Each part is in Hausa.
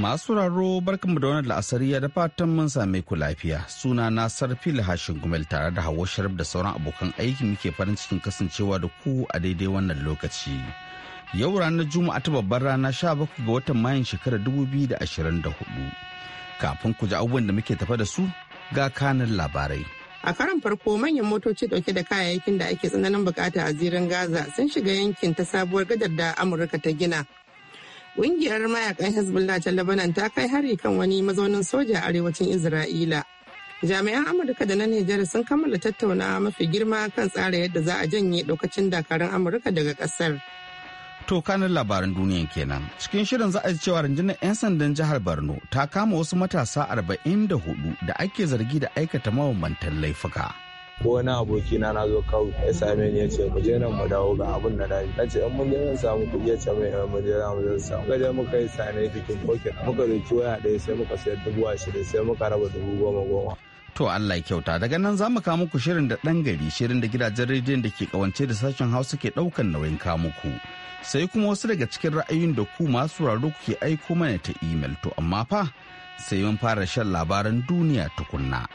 Masu raro barkan da wani la'asari ya da fatan mun same ku lafiya. Suna na sarfi hashin gumel tare da Hauwa Sharif da sauran abokan aiki muke farin cikin kasancewa da ku a daidai wannan lokaci. Yau ranar Juma'a ta babbar rana sha bakwai ga watan Mayun shekarar hudu Kafin ku ji abubuwan da muke tafa da su ga kanan labarai. A karan farko manyan motoci dauke da kayayyakin da ake tsananin bukata a zirin Gaza sun shiga yankin ta sabuwar gadar da Amurka ta gina Ƙungiyar mayakan Hezbollah ta Lebanon ta kai hari kan wani mazaunin soja a arewacin Isra'ila. Jami'an Amurka da na Nijar sun kammala tattauna mafi girma kan tsara yadda za a janye ɗaukacin dakarun Amurka daga ƙasar. To kanin labaran duniya kenan. Cikin shirin za a ji cewa rundunar 'yan sandan jihar Borno ta kama wasu matasa 44 da ake zargi da aikata mabambantan laifuka. ko wani aboki na na zo kawo ya same ni ya ce mu je nan mu dawo ga abun da dai na ce in mun je nan samu kuɗi ya ce mai eh, mu je mu samu muka muka yi sane bikin pocket muka dauki waya ɗaya sai muka sayar dubu ashirin sai muka raba dubu goma goma To Allah ya kyauta daga nan za mu kawo muku shirin da ɗan gari shirin da gidajen rediyon da ke kawance da sashen Hausa ke ɗaukan nauyin ka muku. Sai kuma wasu daga cikin ra'ayoyin da ku masu raro ke aiko mana ta imel to amma fa sai mun fara shan labaran duniya tukunna.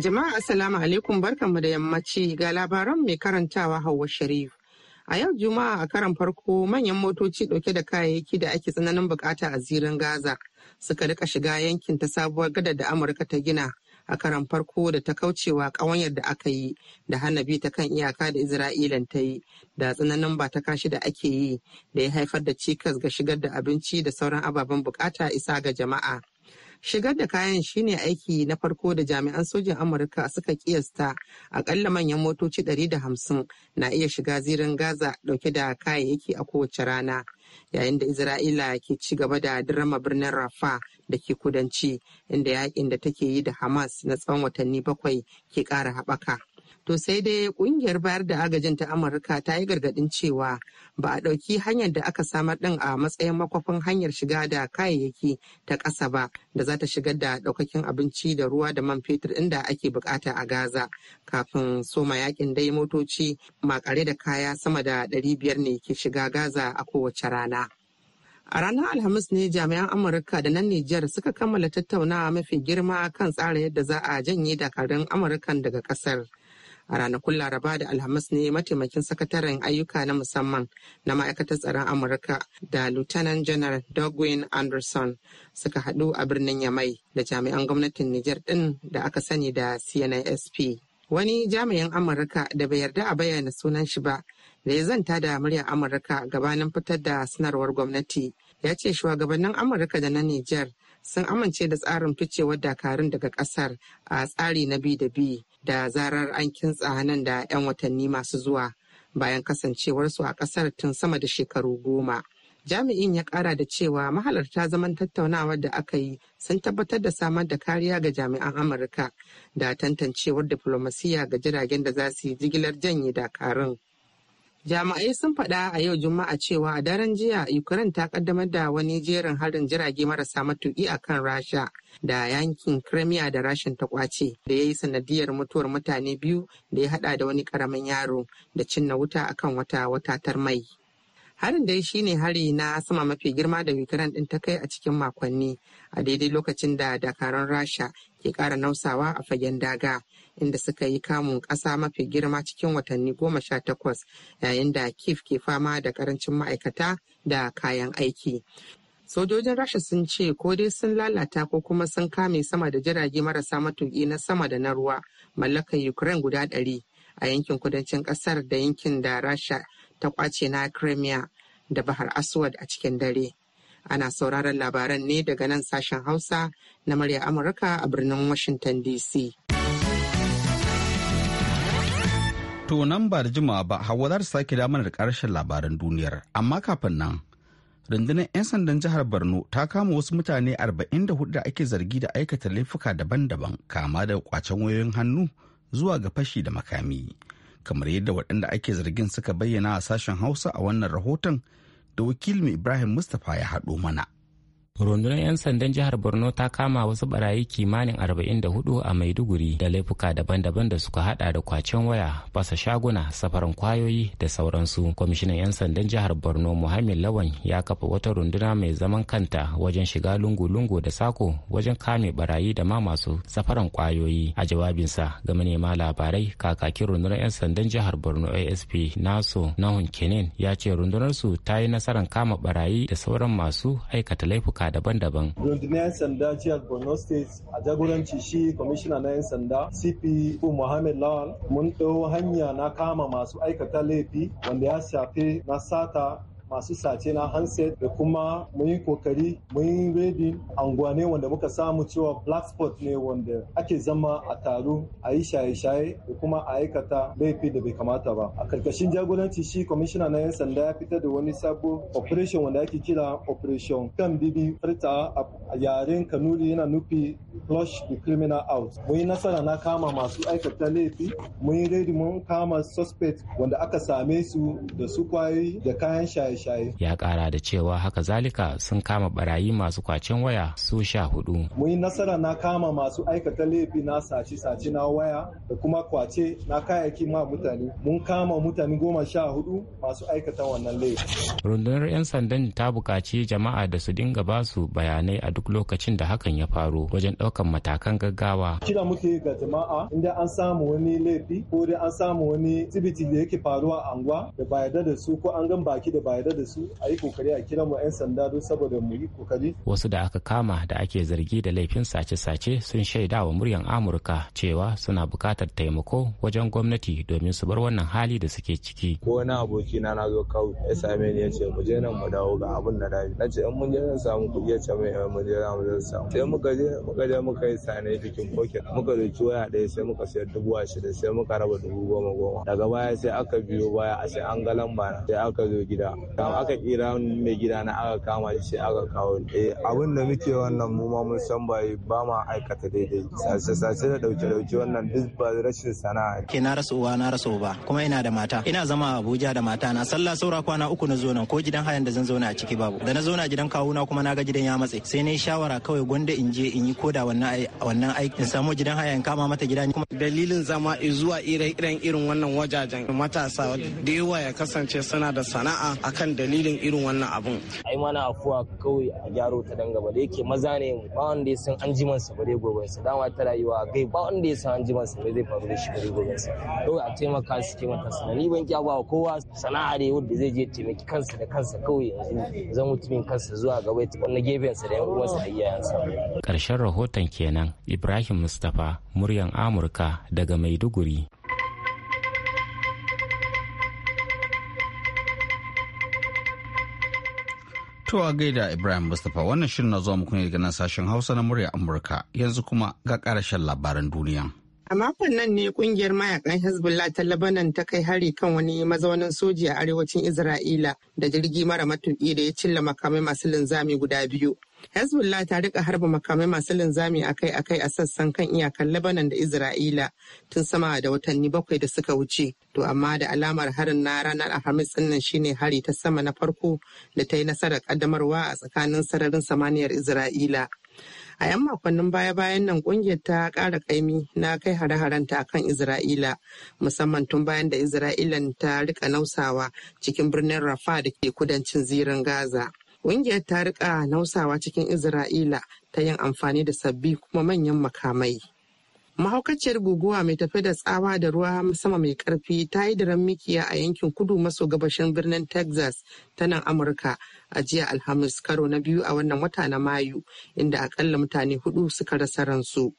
Jama'a Assalamu alaikum barkanmu da yammaci ga labaran mai karantawa Hauwa Sharif. A yau Juma'a a karan farko manyan motoci dauke da kayayyaki da ake tsananin bukata a zirin Gaza suka rika shiga yankin ta sabuwar gadar da Amurka ta gina a karan farko da ta kaucewa ƙawanyar da aka yi da hana bi ta kan iyaka da isra'ila ta yi da tsananin ba ta kashi da ake yi da ya haifar da cikas ga shigar da abinci da sauran ababen bukata isa ga jama'a. Shigar da kayan shine aiki na farko da jami'an sojin Amurka suka kiyasta akalla manyan motoci 150 na iya shiga zirin Gaza dauke da kayayyaki a kowace rana. Yayin da Isra'ila ke ci gaba da dirama birnin Rafa da ke kudanci inda yakin da take yi da Hamas na tsawon watanni bakwai ke kara haɓaka. To sai dai kungiyar bayar da agajin ta Amurka ta yi gargadin cewa ba a ɗauki hanyar da aka samar ɗin a matsayin makwafin hanyar shiga da kayayyaki ta ƙasa ba da za ta shigar da ɗaukakin abinci da ruwa da man fetur inda ake bukata a Gaza. Kafin soma yakin dai motoci makare da kaya sama da ɗari biyar ne ke shiga Gaza a kowace rana. A ranar Alhamis ne jami'an Amurka da nan Nijar suka kammala tattaunawa mafi girma kan tsara yadda za a janye dakarun Amurkan daga kasar. a ranakun laraba da alhamis ne mataimakin sakataren ayyuka na musamman na ma'aikatar tsaron amurka da lieutenant general dogwin anderson suka haɗu a birnin yamai da jami'an gwamnatin nijar din da aka sani da cnisp wani jami'in amurka da bai yarda a bayyana sunan shi ba da ya zanta da muryar amurka gabanin fitar da sanarwar gwamnati ya ce shugabannin amurka da na nijar sun amince da tsarin ficewar dakarun daga kasar a tsari na bi da bi da zarar an kintsa nan da 'yan watanni masu zuwa bayan kasancewarsu a kasar tun sama da shekaru goma. Jami'in ya kara da cewa mahalarta zaman tattaunawar da aka yi sun tabbatar da samar da kariya ga jami'an Amurka da tantancewar diflomasiyya ga jiragen da za su yi jigilar janye dakarun. Jami'ai sun faɗa a yau Juma'a cewa a daren jiya Ukraine ta kaddamar da wani jerin harin jirage marasa matuki a kan Rasha da yankin Crimea da Rashin ta kwace da ya yi sanadiyar mutuwar mutane biyu da ya haɗa da wani karamin yaro da cinna wuta akan wata watatar mai. harin dai shine hari na sama mafi girma da ukraine din ta kai a cikin makonni a daidai lokacin da dakarun rasha ke kara nausawa a fagen daga inda suka yi kamun ƙasa mafi girma cikin watanni goma sha takwas yayin da kif ke fama da karancin ma'aikata da kayan aiki sojojin rasha sun ce ko dai sun lalata ko kuma sun kame sama da jirage marasa matuki na sama da na ruwa mallakar ukraine guda ɗari a yankin kudancin ƙasar da yankin da rasha ta kwace na crimea da bahar aswad a cikin dare ana sauraron labaran ne daga nan sashen hausa na murya amurka a birnin washington dc To nan ba da jimawa ba Hauwa za ta sake damar da karshen labaran duniyar. Amma kafin nan, rundunar 'yan sandan jihar Borno ta kama wasu mutane 44 da ake zargi da aikata laifuka daban-daban kama da kwacen wayoyin hannu zuwa ga fashi da makami. Kamar yadda waɗanda ake zargin suka bayyana a sashen Hausa a wannan rahoton da wakilin Ibrahim Mustapha ya haɗo mana. rundunar 'yan sandan jihar borno ta kama wasu barayi kimanin 44 a maiduguri da laifuka daban-daban da suka hada da kwacen waya fasa shaguna safarin kwayoyi da sauransu kwamishinan 'yan sandan jihar borno muhammed lawan ya kafa wata runduna mai zaman kanta wajen shiga lungu-lungu da sako wajen kame barayi da ma masu safaran kwayoyi a jawabinsa ga manema labarai kakakin rundunar 'yan sandan jihar borno asp naso nahun kenin ya ce rundunarsu ta yi nasarar kama barayi da sauran masu aikata laifuka ayyuka daban-daban. Rundunar 'yan sanda jihar Borno State a jagoranci shi kwamishina na 'yan sanda CP Muhammad Lawal mun ɗau hanya na kama masu aikata laifi wanda ya shafe na sata masu sace na hanset. da kuma mun yi kokari mun yi redi anguwa ne wanda muka samu cewa black spot ne wanda ake zama a taro a yi shaye-shaye da kuma a aikata laifi da bai kamata ba a karkashin jagoranci shi kwamishina na 'yan sanda ya fitar da wani sabo operation wanda ake kira operation kan bibi farta a yaren kanuri yana nufi flush the criminal out mun yi nasara na kama masu aikata laifi mun yi redi mun kama suspect wanda aka same su da su kwayoyi da kayan shaye ya kara da cewa haka zalika sun kama barayi masu kwacen waya su sha hudu mun yi nasara na kama masu aikata laifi na sace sace na waya da kuma kwace na kayayyaki ma mutane mun kama mutane goma sha hudu masu aikata wannan laifi rundunar yan sandan ta buƙaci jama'a da su dinga ba su bayanai a duk lokacin da hakan ya faru wajen ɗaukan matakan gaggawa kira muke ga jama'a inda an samu wani laifi ko dai an samu wani sibiti da yake faruwa a anguwa da ba yarda da su ko an gan baki da ba yarda da su a yi kokari a kira mu 'yan sanda don saboda mu yi kokari. Wasu da aka kama da ake zargi da laifin sace-sace sun shaida wa muryan Amurka cewa suna buƙatar taimako wajen gwamnati domin su bar wannan hali da suke ciki. Ko wani aboki na na zo kawo ya same ni ya ce mu je nan mu dawo ga abin da dai. Na ce in mun je nan samu kuɗi ya ce mai eh, mu je mu zai samu. Sai muka je muka je muka yi sane bikin pocket muka dauki waya ɗaya sai muka sayar dubu ashirin sai muka raba dubu goma goma. Daga baya sai aka biyo baya a sai an ga lamba sai aka zo gida aka kira mai gida na aka kama shi sai aka kawo eh, abin da muke wannan mu ma mun san bai ba ma aikata daidai sace sace da dauke dauke wannan duk ba rashin sana'a ke na rasa uwa na rasa uba kuma ina da mata ina zama Abuja da mata na sallah saura kwana uku na zo nan ko gidan hayan da zan zauna a ciki babu da na zauna gidan kawuna kuma na ga gidan ya matse sai ne shawara kawai gwanda in je in yi koda wannan wannan in samu gidan hayan kama mata gida kuma dalilin zama zuwa ire iren irin wannan wajajen matasa da yawa ya kasance suna da sana'a akan kan dalilin irin wannan abun. Ai mana afuwa kawai a gyaro ta dan gaba da yake maza ne ba wanda ya san anjiman sa bare goben sa dama ta rayuwa gai ba wanda ya san anjiman sa zai faru da shi bare goben sa. To a taimaka su ke mata sana ni ban ki ba kowa sana'a ne wanda zai je taimaki kansa da kansa kawai yanzu zan mutumin kansa zuwa gaba ya taɓa gefen sa da yan uwansa da sa. karshen rahoton kenan Ibrahim Mustapha muryan Amurka daga Maiduguri. To a gaida Ibrahim Mustapha wannan shirin na zuwa muku ne daga nan sashen Hausa na murya Amurka yanzu kuma ga karashen labaran duniya. A makon nan ne kungiyar mayakan Hezbollah ta Lebanon ta kai hari kan wani mazaunin soji a arewacin Isra'ila da jirgi mara matuƙi da ya cilla makamai masu linzami guda biyu. Hezbollah ta rika harba makamai masu linzami akai-akai a sassan kan iyakan Lebanon da Isra'ila tun sama da watanni bakwai da suka wuce. To amma da alamar harin na ranar Alhamis ɗinnan shine hari ta sama na farko da ta yi nasarar kaddamarwa a tsakanin sararin samaniyar Isra'ila. A 'yan makonnin baya-bayan nan kungiyar ta kara kaimi na kai hare-harenta akan Isra'ila musamman tun bayan da Isra'ilan ta rika nausawa cikin birnin Rafa da ke kudancin zirin Gaza. ƙungiyar ta rika nausawa cikin isra'ila ta yin amfani da sabbi kuma manyan makamai mahaukaciyar guguwa mai tafi da tsawa da ruwa sama mai karfi ta yi da mikiya a yankin kudu maso gabashin birnin texas ta nan amurka a jiya alhamis karo na biyu a wannan wata na mayu inda akalla mutane hudu suka rasa ransu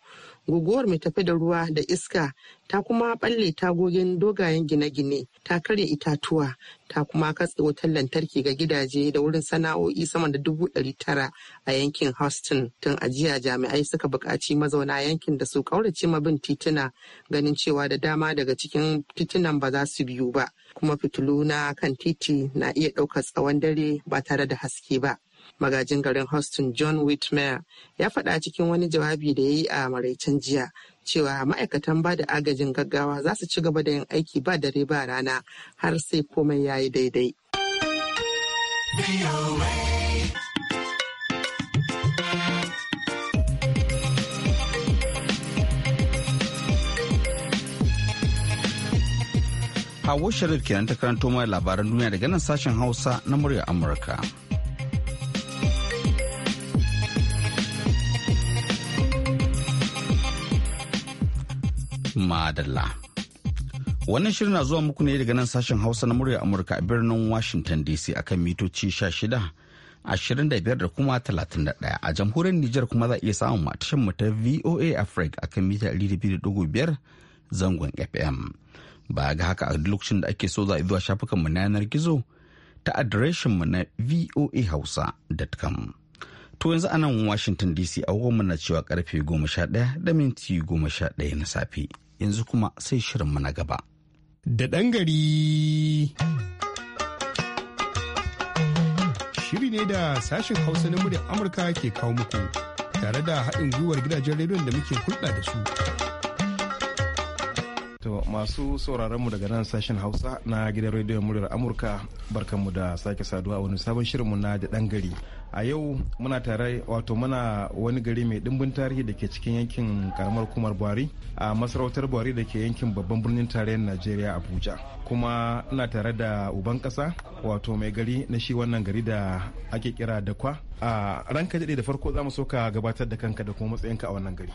guguwar mai tafi da ruwa da iska ta kuma balle tagogin dogayen gine-gine ta karya itatuwa ta kuma katse wutar lantarki ga gidaje da wurin sana'o'i sama da dubu ɗari tara a yankin houston tun ajiya jami'ai suka buƙaci mazauna yankin da su ƙaurace mabin tituna ganin cewa da dama daga cikin titunan ba za su biyu ba kuma fitilu na kan titi na iya ɗaukar tsawon dare ba tare da haske ba. Magajin garin Houston John Whitmer ya faɗa cikin wani jawabi da ya yi a maraicen jiya cewa ma'aikatan ba da agajin gaggawa za su ci gaba da yin aiki ba dare ba rana har sai komai ya yi daidai. Hawo Sharif kenan ta karanto mai labaran duniya daga nan sashen Hausa na murya Amurka. Madalla. Wannan shirin na zuwa muku ne daga nan sashen Hausa na murya Amurka a birnin Washington DC akan mitoci 16, ashirin da biyar da kuma talatin da daya A jamhuriyar Nijar kuma za a iya samun matashin mu ta VOA Africa akan mita 200.5 zangon FM. ba ga haka a lokacin da ake so za a zuwa shafukanmu na yanar gizo ta adireshinmu na voahausa.com to yanzu a nan washington dc agogonmu na cewa karfe ɗaya da minti ɗaya na safe yanzu kuma sai shirinmu na gaba da ɗan gari shiri ne da sashen hausa na muryar amurka ke kawo muku tare da haɗin gwiwar gidajen rediyon da muke hulɗa da su To masu sauraron mu daga nan sashen Hausa na gidan rediyon muryar Amurka barkanmu da sake saduwa a wani sabon shirinmu na da dan gari. A yau muna tare wato muna wani gari mai dimbin tarihi da ke cikin yankin karamar kumar Buhari a masarautar Buhari da ke yankin babban birnin tarayyar Najeriya Abuja. Kuma ina tare da uban kasa wato mai gari na shi wannan gari da ake kira da kwa. A ranka da farko za mu so ka gabatar da kanka da kuma matsayinka a wannan gari.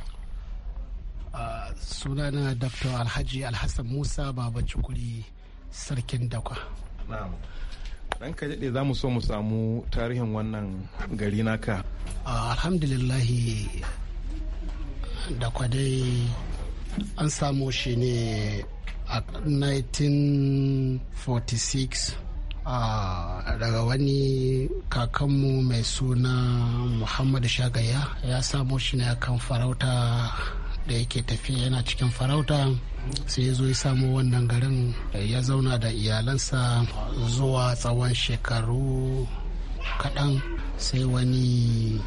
sunana dr alhaji alhassan musa baba cikuri sarkin dakwa dan ka daɗe za mu so mu samu tarihin wannan gari naka alhamdulillahi da kwadai an samu shi ne a 1946 daga wani kakanmu mai suna muhammadu shagaya ya samu shi ne akan farauta da yake tafiya yana cikin farauta sai ya zo ya samu wannan garin ya zauna da iyalansa zuwa tsawon shekaru kaɗan sai wani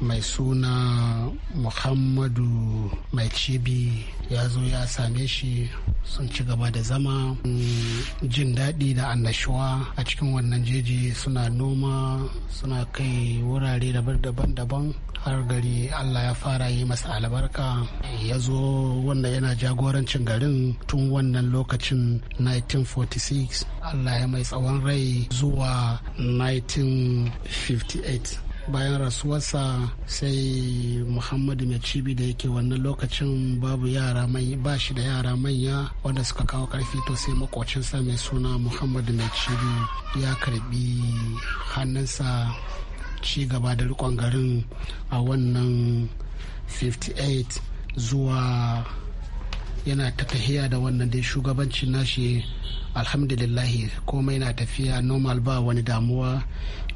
mai suna muhammadu mai cibi ya zo ya same shi sun ci gaba da zama jin daɗi da annashuwa a cikin wannan jeji suna noma suna kai wurare daban-daban har gari allah ya fara yi masa albarka ya zo wanda yana jagorancin garin tun wannan lokacin 1946 allah ya mai tsawon rai zuwa 1958 bayan rasuwarsa sai muhammadu mai cibi da yake wannan lokacin babu yara ba shi da yara manya wanda suka kawo karfi to sai makocinsa mai suna muhammadu mai cibi ya karbi hannunsa ci gaba da rikon garin a wannan 58 zuwa yana ta tahiya da wannan dai shugabancin nashi alhamdulillahi komai na tafiya normal ba wani damuwa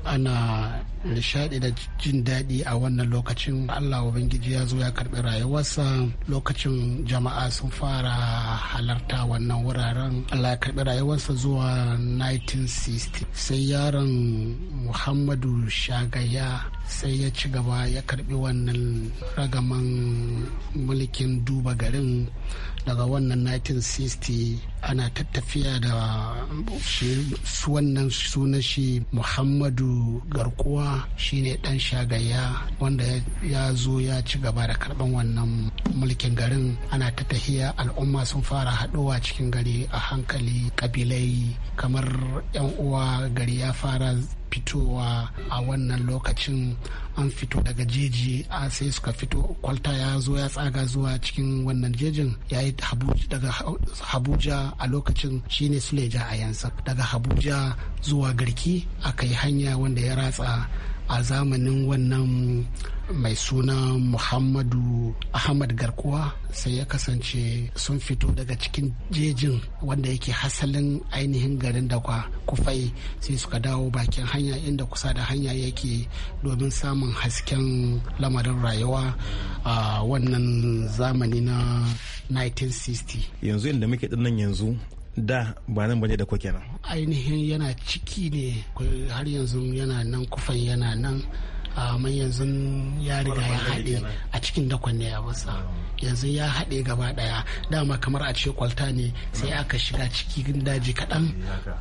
ana nishaɗi da jin daɗi a wannan lokacin allah ubangiji ya zo ya karɓi rayuwarsa lokacin jama'a sun fara halarta wannan wuraren allah ya karɓi rayuwarsa zuwa 1960 sai yaron muhammadu shagaya sai ya ci gaba ya karɓi wannan ragaman mulkin duba garin daga wannan 1960 ana tattafiya da su wannan sunan shi muhammadu garkuwa shine dan shagaya wanda ya zo ya ci gaba da karban wannan mulkin garin ana tattafiya al'umma sun fara haɗuwa cikin gari a hankali kabilai kamar 'yan uwa gari ya fara fitowa a wannan lokacin an fito daga jeji a sai suka fito kwalta ya zo ya tsaga zuwa cikin wannan jejin ya yi daga habuja a lokacin shine suleja a yansa daga habuja zuwa garki aka yi hanya wanda ya ratsa a zamanin wannan mai suna muhammadu ahmad garkuwa sai ya kasance sun fito daga cikin jejin wanda yake hasalin ainihin garin da kwa kufai sai suka dawo bakin hanya inda kusa da hanya yake domin samun hasken lamarin rayuwa a wannan zamani na 1960 yanzu inda muke dinnan yanzu da ba nan bane da ko kenan ainihin yana ciki ne har yanzu yana nan kufan yana nan man yanzu ya riga ya haɗe a cikin dakon ne ya wasa yanzu ya haɗe gaba ɗaya dama kamar a ce kwalta ne sai aka shiga cikin daji kaɗan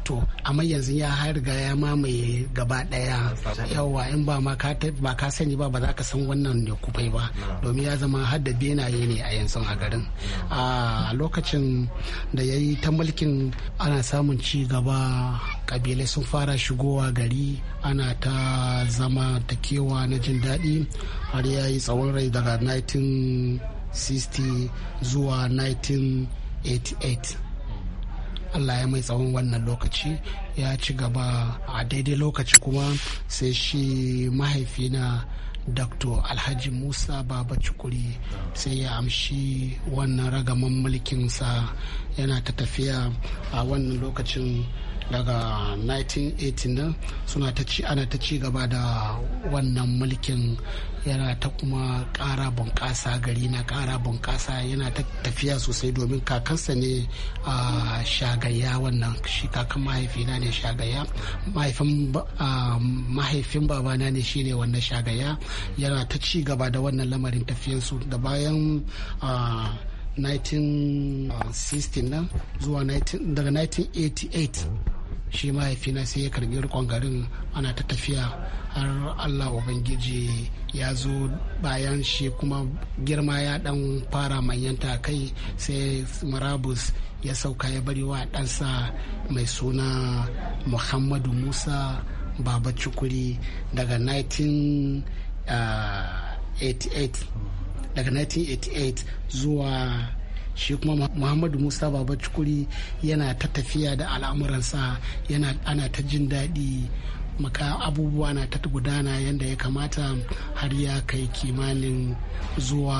to amma yanzu ya riga ya mamaye gaba ɗaya yawa in ba ma ba ka sani ba ba za ka san wannan ne kufai ba domin ya zama har da benaye ne a yanzu a garin a lokacin da ya yi ta mulkin ana samun ci gaba kabilai sun fara shigowa gari ana ta zama ta kewa na jin daɗi har ya yi tsawon rai daga 1960 zuwa 1988 allah ya mai tsawon wannan lokaci ya ci gaba a daidai lokaci kuma sai shi mahaifina dr alhaji musa baba cukuri sai ya amshi wannan ragaman mulkinsa yana ta tafiya a wannan lokacin daga 1980 nan suna ta ci ana ta ci gaba da wannan mulkin yana ta kuma kara bunƙasa gari na kara bunƙasa yana ta tafiya sosai domin kakansa ne a shagaya wannan shi kakan mahaifina ne shagaya mahaifin babana ne shi ne wannan shagaya yana ta ci gaba da wannan lamarin tafiyansu da bayan 1960 nan zuwa daga 1988 shi mahaifina sai ya karbi rikon garin ana ta tafiya har allah ubangiji ya zo bayan shi kuma girma ya dan fara manyanta kai sai marabus ya sauka ya bari wa ɗansa mai suna muhammadu musa baba cukuri daga 1988 ah, daga 1988 zuwa shi kuma muhammadu musa baba cikuri yana ta tafiya da al'amuransa yana ana ta jin daɗi maka abubuwa na ta gudana yadda ya kamata har ya kai kimanin zuwa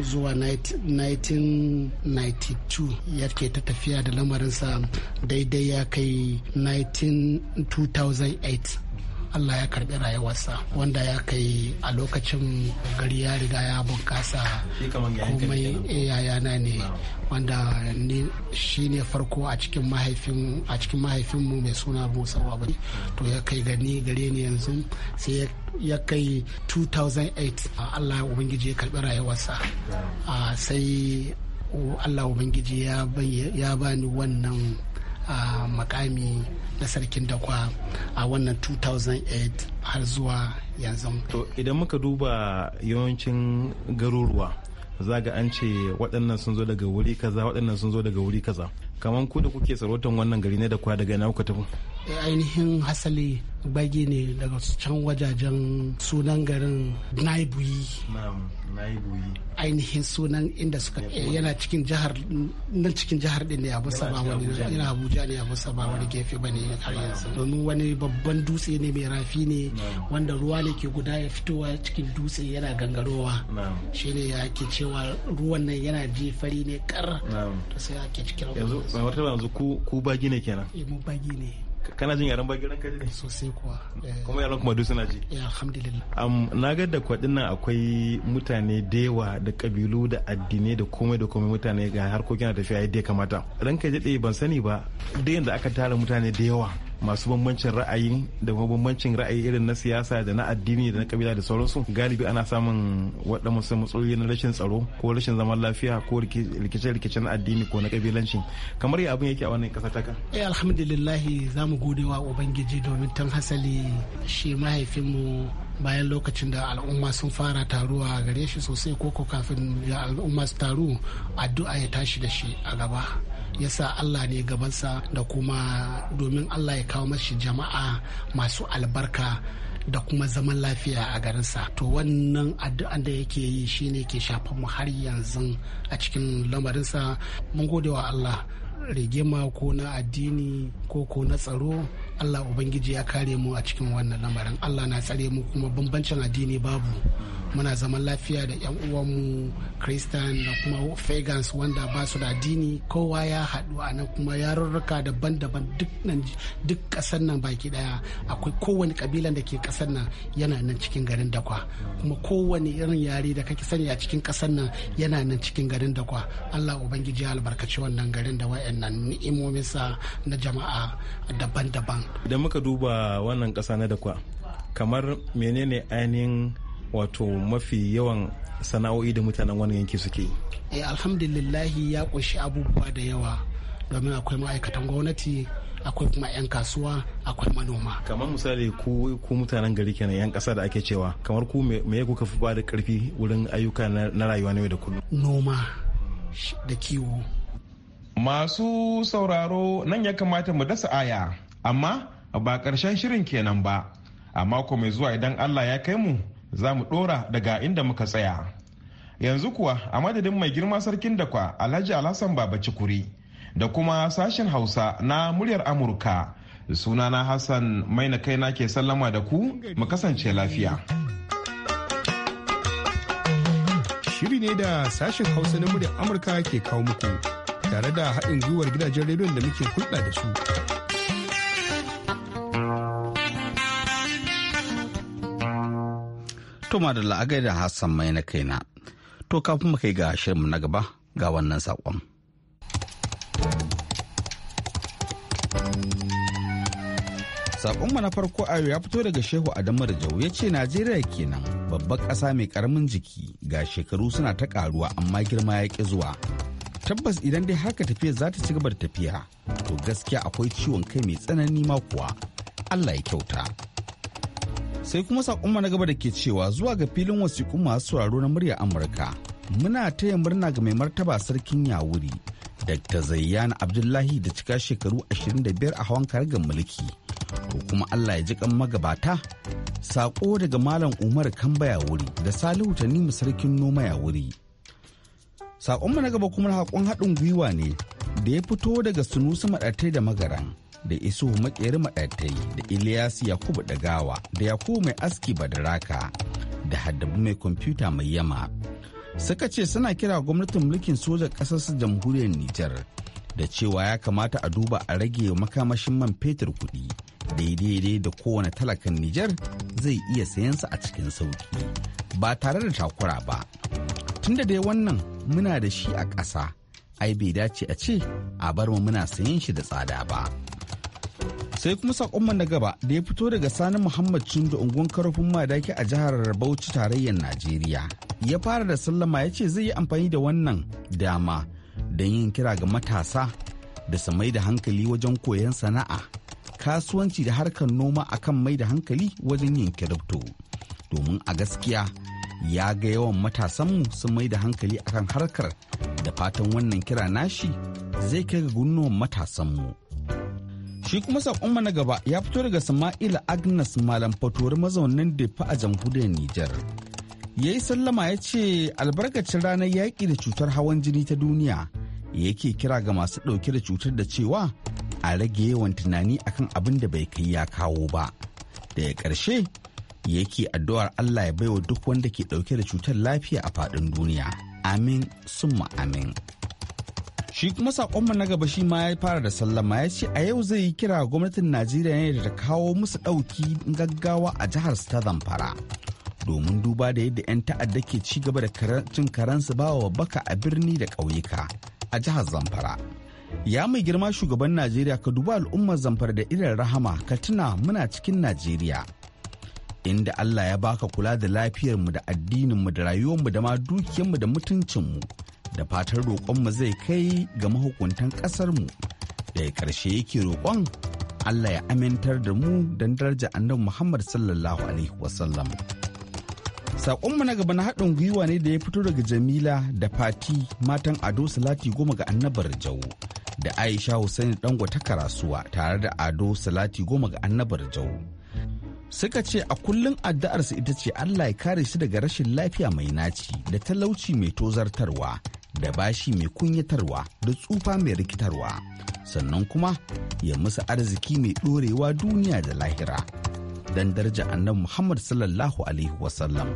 zuwa 1992 ke ta tafiya da lamarinsa daidai ya kai 2008 allah ya karbi rayuwarsa wanda ya kai a lokacin gari ya riga ya bunkasa komai eh, yayana ne wanda shi ne farko a cikin mahaifin a cikin mahaifin mu mai suna musa wabai to ya kai gani gare ni yanzu sai ya kai 2008 allah ubangiji ya karbi rayuwarsa sai Allah Ubangiji ya bani wannan a makami na sarkin dakwa a wannan 2008 har zuwa yanzu. To idan muka duba yawancin garuruwa za ga an ce waɗannan sun zo daga wuri kaza waɗannan sun zo daga wuri kaza kamar ku da kuke sarautan wannan gari ne da kwa daga ina kuka tafi. ainihin hasali bagi ne daga can wajajen sunan garin naibuyi ainihin sunan inda suka yana cikin jihar nan cikin jihar din ne abu saba wani yana abuja ne abu saba wani gefe bane har yanzu domin wani babban dutse ne mai rafi ne wanda ruwa ne ke guda ya fitowa cikin dutse yana gangarowa shi ne ya ke cewa ruwan nan yana jefari ne kar to sai ake cikin yanzu ba wata yanzu ku bagi ne kenan eh, mu bagi ne kana jin yaran bagiran ka ne sosai kuwa eh. kuma yaran kuma duk suna ji eh, alhamdulillah am na ga da kwadin nan akwai mutane da yawa da kabilu da addinai da komai da komai mutane ga harkokin tafiya yadda ya kamata ranka jade ban sani ba da yadda aka tara mutane da yawa masu bambancin ra'ayi da kuma bambancin ra'ayi irin na siyasa da na addini da na kabila da sauransu galibi ana samun waɗansu matsaloli na rashin tsaro ko rashin zaman lafiya ko rikice-rikice na addini ko na kabilanci kamar ya abin yake a wannan ƙasa taka. ya eh, alhamdulillah za mu gode wa ubangiji domin tan hasali shi mahaifinmu bayan lokacin da al'umma sun fara taruwa gare shi sosai koko kafin al'umma su taru addu'a ya tashi da shi a gaba ya sa Allah ne gabansa da kuma domin Allah ya kawo mashi jama'a masu albarka da kuma zaman lafiya a garinsa to wannan addu'an da yake yi shine ke shafan mu har yanzu a cikin lamarinsa mun gode wa Allah rigima ko na addini ko ko na tsaro Allah Ubangiji ya kare mu a cikin wannan lamarin Allah na tsare mu kuma bambancin addini babu muna zaman lafiya da 'yan uwanmu Christian da kuma Fagans wanda ba su da addini kowa ya haɗu a nan kuma yarurruka daban-daban duk ƙasar nan baki ɗaya akwai kowane kabilan da ke ƙasar nan yana nan cikin garin da kwa. kuma kowane irin yare da kake sani a cikin ƙasar nan yana nan cikin garin da kwa. Allah Ubangiji ya albarkaci wannan garin da wa'annan ni'imominsa na jama'a daban-daban da muka duba wannan ƙasa na dakwa kamar menene ainihin wato mafi yawan sana'o'i da mutanen wannan yanki suke yi eh, alhamdulillah ya ƙunshi abubuwa da yawa domin akwai ma'aikatan gwamnati akwai kuma 'yan kasuwa akwai manoma kamar misali ku mutanen gari kenan 'yan kasa da ake cewa kamar ku me kuka fi ba da karfi wurin ayyuka na rayuwa na yau da kullum noma da kiwo masu sauraro nan ya kamata mu dasa aya amma ba ƙarshen shirin kenan ba a mako mai zuwa idan allah ya kai mu za mu ɗora daga inda muka tsaya yanzu kuwa a madadin mai girma sarkin da kwa alhaji alhassan baba cikuri da kuma sashen hausa na muryar amurka sunana hassan mai na kaina ke sallama da ku mu kasance lafiya shiri ne da sashen hausa na muryar amurka ke kawo muku tare da haɗin gwiwar gidajen rediyon da muke hulɗa da su To da la'agai da Hassan mai na kaina. To kafin mu kai ga shirin na gaba ga wannan saƙon. Saƙonmu na farko yau ya fito daga Shehu Adamu Jau ya ce Najeriya kenan babbar ƙasa mai ƙaramin jiki ga shekaru suna ta ƙaruwa amma girma ya ƙi zuwa. Tabbas idan dai haka tafiya za ta ci gaba da tafiya to gaskiya akwai ciwon kai mai tsanani ma kuwa. Allah ya kyauta. sai kuma sakonmu na gaba da ke cewa zuwa ga filin wasiƙu masu sauraro na murya amurka muna taya murna ga mai martaba sarkin yawuri dr zayyan abdullahi da cika shekaru 25 a hawan kargar mulki ko kuma allah ya ji kan magabata sako daga malam umar kamba yawuri da salihu tanimu sarkin noma yawuri sakonmu na gaba kuma haƙon haɗin gwiwa ne da ya fito daga sunusu maɗatai da magaran da isu makeri maɗatai da ilyas yakubu gawa da yakubu mai aski badaraka da haddabu mai kwamfuta mai yama suka ce suna kira gwamnatin mulkin sojan ƙasar su jamhuriyar nijar da cewa ya kamata a duba a rage makamashin man fetur kuɗi daidai da kowane talakan nijar zai iya sayansa a cikin sauki ba tare da takura ba tunda dai wannan muna da shi a ƙasa ai bai dace a ce a bar mu muna sayan shi da tsada ba. sai kuma sakonmu na gaba da ya fito daga sani muhammad cindo unguwan karfin madaki a jihar bauchi tarayyar najeriya ya fara da sallama ya ce zai yi amfani da wannan dama don yin kira ga matasa da su mai da hankali wajen koyon sana'a kasuwanci da harkar noma akan mai da hankali wajen yin kirifto domin a gaskiya ya ga yawan matasanmu sun mai da hankali akan harkar da fatan wannan kira nashi zai kai ga gunnuwan matasanmu. Shi kuma saƙonmu na gaba ya fito daga Sama'ila Agnes Malam Fatuwar mazaunin Defa a jamhuriyar Nijar. Ya yi sallama ya ce albarkacin ranar yaƙi da cutar hawan jini ta duniya yake kira ga masu ɗauke da cutar da cewa a rage yawan tunani akan abin da bai kai ya kawo ba. Da ya ƙarshe yake addu'ar Allah ya baiwa duk wanda ke ɗauke da cutar lafiya a faɗin duniya. Amin summa amin. Shi kuma sakonmu na gaba shi ma ya fara da sallama ya ce a yau zai yi kira gwamnatin Najeriya ne da kawo musu ɗauki gaggawa a jihar ta Zamfara. Domin duba da yadda 'yan ta'adda ke ci gaba da cin karansu bawa baka a birni da ƙauyuka a jihar Zamfara. Ya mai girma shugaban Najeriya ka duba al'ummar Zamfara da irin rahama ka tuna muna cikin Najeriya. Inda Allah ya baka kula da lafiyarmu da addininmu da rayuwarmu da ma dukiyarmu da mutuncinmu. da fatan roƙonmu zai kai ga mahukuntan ƙasarmu daga ƙarshe yake roƙon Allah ya amintar da mu don daraja annabi Muhammad sallallahu alaihi wasallam. Saƙonmu na gaba na haɗin gwiwa ne da ya fito daga Jamila da Fati matan Ado Salati goma ga annabar Jau da Aisha Hussaini Dango ta karasuwa tare da Ado Salati goma ga annabar Jau. suka ce a kullum addu'arsu ita ce Allah ya kare su daga rashin lafiya mai naci da talauci mai tozartarwa da bashi mai kunyatarwa da tsufa mai rikitarwa sannan kuma ya musu arziki mai ɗorewa duniya da lahira don daraja annabi muhammad sallallahu alaihi wasallam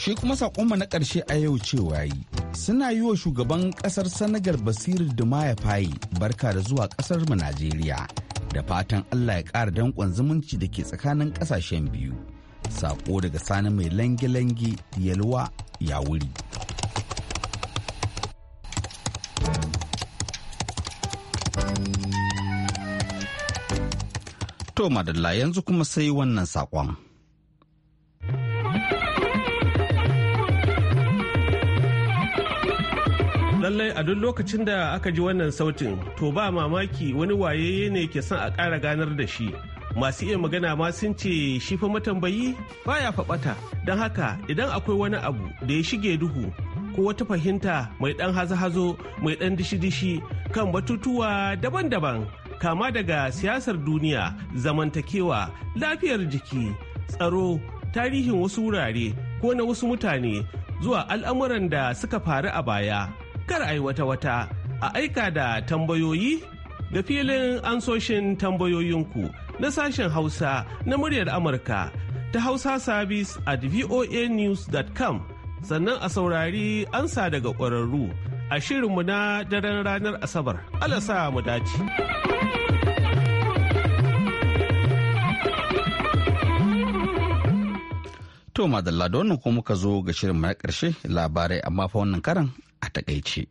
shi kuma saƙonmu na ƙarshe a yau cewa yi suna yi wa shugaban ƙasar sanagar basiru dumaya fayi barka da zuwa ƙasar mu najeriya da fatan allah ya ƙara danƙon zumunci da ke tsakanin ƙasashen biyu saƙo daga sani mai lange-lange yalwa ya wuri To madalla yanzu kuma sai wannan saƙon. Lallai a duk lokacin da aka ji wannan sautin to ba mamaki wani waye ne ke son a ƙara ganar da shi. Masu iya magana ma sun ce shi fa matambayi baya faɓata don haka idan akwai wani abu da ya shige duhu ko wata fahimta mai ɗan hazo-hazo mai ɗan dishi-dishi kan batutuwa daban-daban kama daga siyasar duniya zamantakewa lafiyar jiki tsaro tarihin wasu wurare ko na wasu mutane zuwa al'amuran da suka faru a baya kar a yi wata-wata a aika da tambayoyi da filin ansoshin tambayoyinku na sashen hausa na muryar amurka ta hausa service at voanews.com sannan a saurari ansa daga ƙwararru a shirinmu na daren ranar asabar sa mu dace. To madalla da wannan ko muka zo ga shirin na karshe labarai amma fa wannan karan a takaice.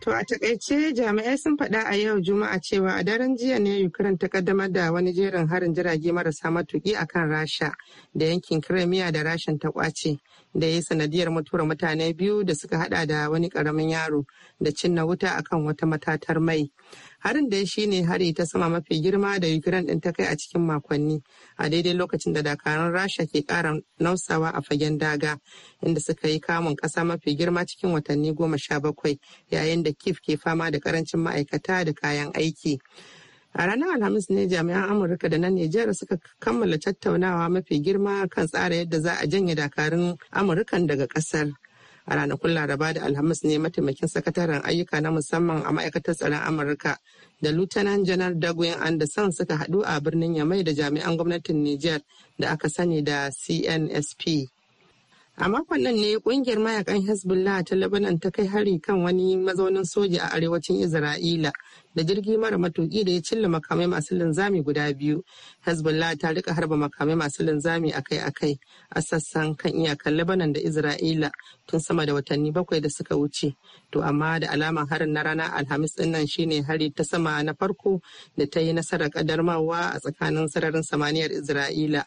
To a takaice jami'ai sun faɗa a yau Juma'a cewa a daren jiya ne Ukraine ta kaddamar da wani jerin harin jirage marasa matuki a kan Rasha da yankin Crimea da Rashin ta kwace da ya sanadiyar mutuwar mutane biyu da suka hada da wani karamin yaro da cinna wuta akan wata matatar mai. harin da shi ne hari ta sama mafi girma da ukraine din ta kai a cikin makonni a daidai lokacin da dakarun rasha ke kara nausawa a fagen daga inda suka yi kamun kasa mafi girma cikin watanni goma sha bakwai yayin da kif ke fama da karancin ma'aikata da kayan aiki a ranar alhamis ne jami'an amurka da na nijar suka kammala tattaunawa mafi girma kan tsara yadda za a janye dakarun amurkan daga kasar a ranakun laraba da alhamis ne mataimakin sakataren ayyuka na musamman a ma'aikatar tsaron amurka da lieutenant janar dagoyin anderson suka hadu a birnin yamai da jami'an gwamnatin niger da aka sani da cnsp A makon nan ne kungiyar mayakan Hezbollah ta Lebanon ta kai hari kan wani mazaunin soja a arewacin Isra'ila da jirgi mara matuki da ya cilla makamai masu linzami guda biyu. Hezbollah ta rika harba makamai masu linzami akai-akai a sassan kan iyakar Lebanon da Isra'ila tun sama da watanni bakwai da suka wuce. To amma da alamar harin na ranar Alhamis din nan shine hari ta sama na farko da ta yi nasarar kadarmawa a tsakanin sararin samaniyar Isra'ila.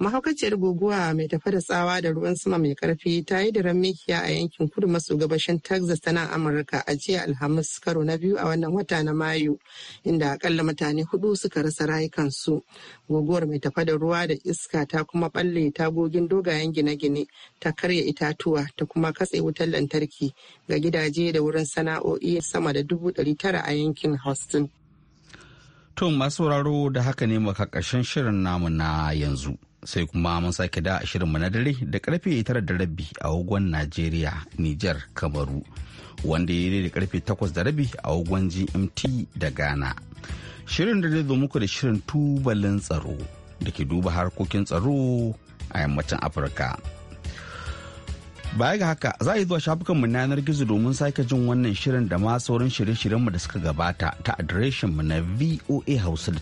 mahaukaciyar guguwa mai tafa da tsawa da ruwan sama mai karfi ta yi da ramikiya a yankin kudu maso gabashin texas ta nan amurka a jiya alhamis karo na biyu a wannan wata na mayu inda akalla mutane hudu suka rasa rayukansu guguwar mai tafa da ruwa da iska ta kuma balle tagogin dogayen gine-gine ta karya itatuwa ta kuma katse wutar lantarki ga gidaje da wurin sana'o'i sama da dubu ɗari tara a yankin houston To masu sauraro da haka ne maka ƙarshen shirin namu na yanzu. Sai kuma mun sake da shirinmu na dare da karfe tara da rabi a wagon Najeriya, Nijar, Kamaru. Wanda ya da karfe takwas da rabi a wagon GMT da Ghana. Shirin da zai zo muku da shirin tubalin tsaro da ke duba harkokin tsaro a yammacin Afirka. Baya ga haka za a yi zuwa shafukanmu na yanar gizo domin sake jin wannan shirin da ma sauran shirye-shiryenmu da suka gabata ta adireshinmu na voa hausa da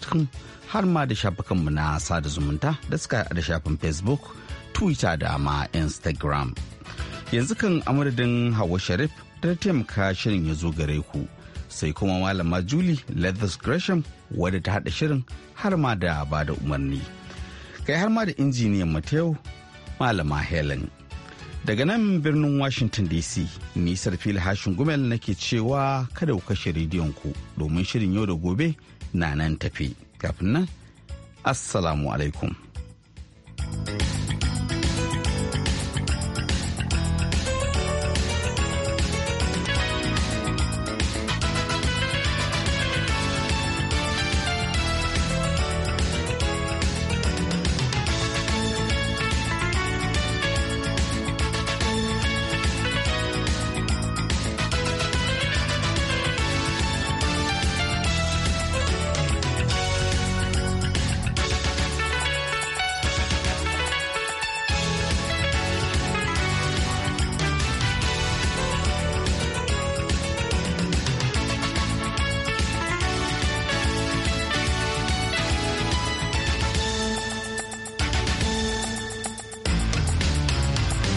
har ma da shafukanmu na sada zumunta da suka da shafin facebook twitter da ma instagram yanzu kan amadadin hawa sharif da taimaka shirin ya zo gare ku sai kuma malama julie leathers gresham wadda ta haɗa shirin har ma da bada umarni kai har ma da injiniyan mateo malama helen Daga nan birnin Washington DC, nisar fili hashin gumel nake cewa kada ku kashe rediyon ku domin shirin yau da gobe na nan tafi. Kafin nan, Assalamu alaikum.